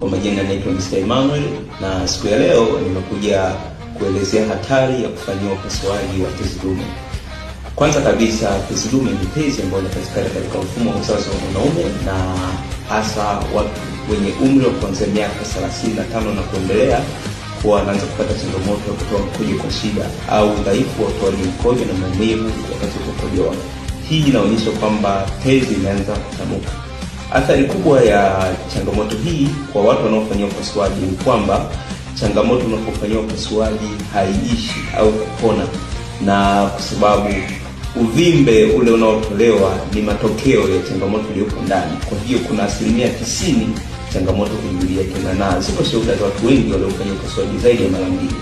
Kwa majina naitwa Mr. Emmanuel na siku ya leo nimekuja kuelezea hatari ya kufanyiwa upasuaji wa tezi dume. Kwanza kabisa, tezi dume ni tezi ambayo inapatikana katika mfumo wa uzazi wa mwanaume na hasa watu wenye umri wa kuanzia miaka 35 na kuendelea kuwa wanaanza kupata changamoto ya kutoa mkojo kwa shida au udhaifu wa utoaji mkojo na maumivu wakati wa kukojoa. Hii inaonyesha kwamba tezi imeanza kutanuka. Athari kubwa ya changamoto hii kwa watu wanaofanyia upasuaji ni kwamba changamoto unapofanyia upasuaji haiishi au kupona, na kwa sababu uvimbe ule unaotolewa ni matokeo ya changamoto iliyopo ndani. Kwa hiyo kuna asilimia tisini changamoto kuingiliana nazo, kwa sababu watu wengi waliofanyia upasuaji zaidi ya mara mbili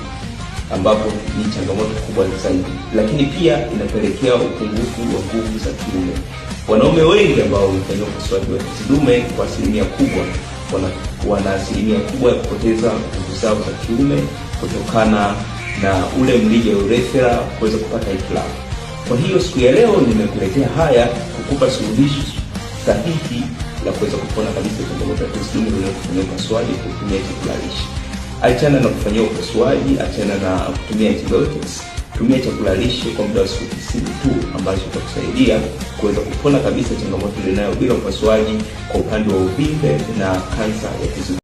ambapo ni changamoto kubwa zaidi lakini pia inapelekea upungufu wa nguvu za kiume. Wanaume wengi ambao wamefanyiwa upasuaji wa tezi kwa asilimia kubwa wana, wana asilimia kubwa ya kupoteza nguvu zao za kiume kutokana na ule mlija urethra kuweza kupata hitilafu. Kwa hiyo siku ya leo nimekuletea haya kukupa suluhisho sahihi la kuweza kupona kabisa changamoto ya tezi dume upasuaji kutumia chakula Achana na kufanyia upasuaji, achana na kutumia antibiotics, tumia chakula lishe kwa muda wa siku tisini tu ambacho itakusaidia kuweza kupona kabisa changamoto ulionayo bila upasuaji kwa upande wa uvimbe na kansa ya kizu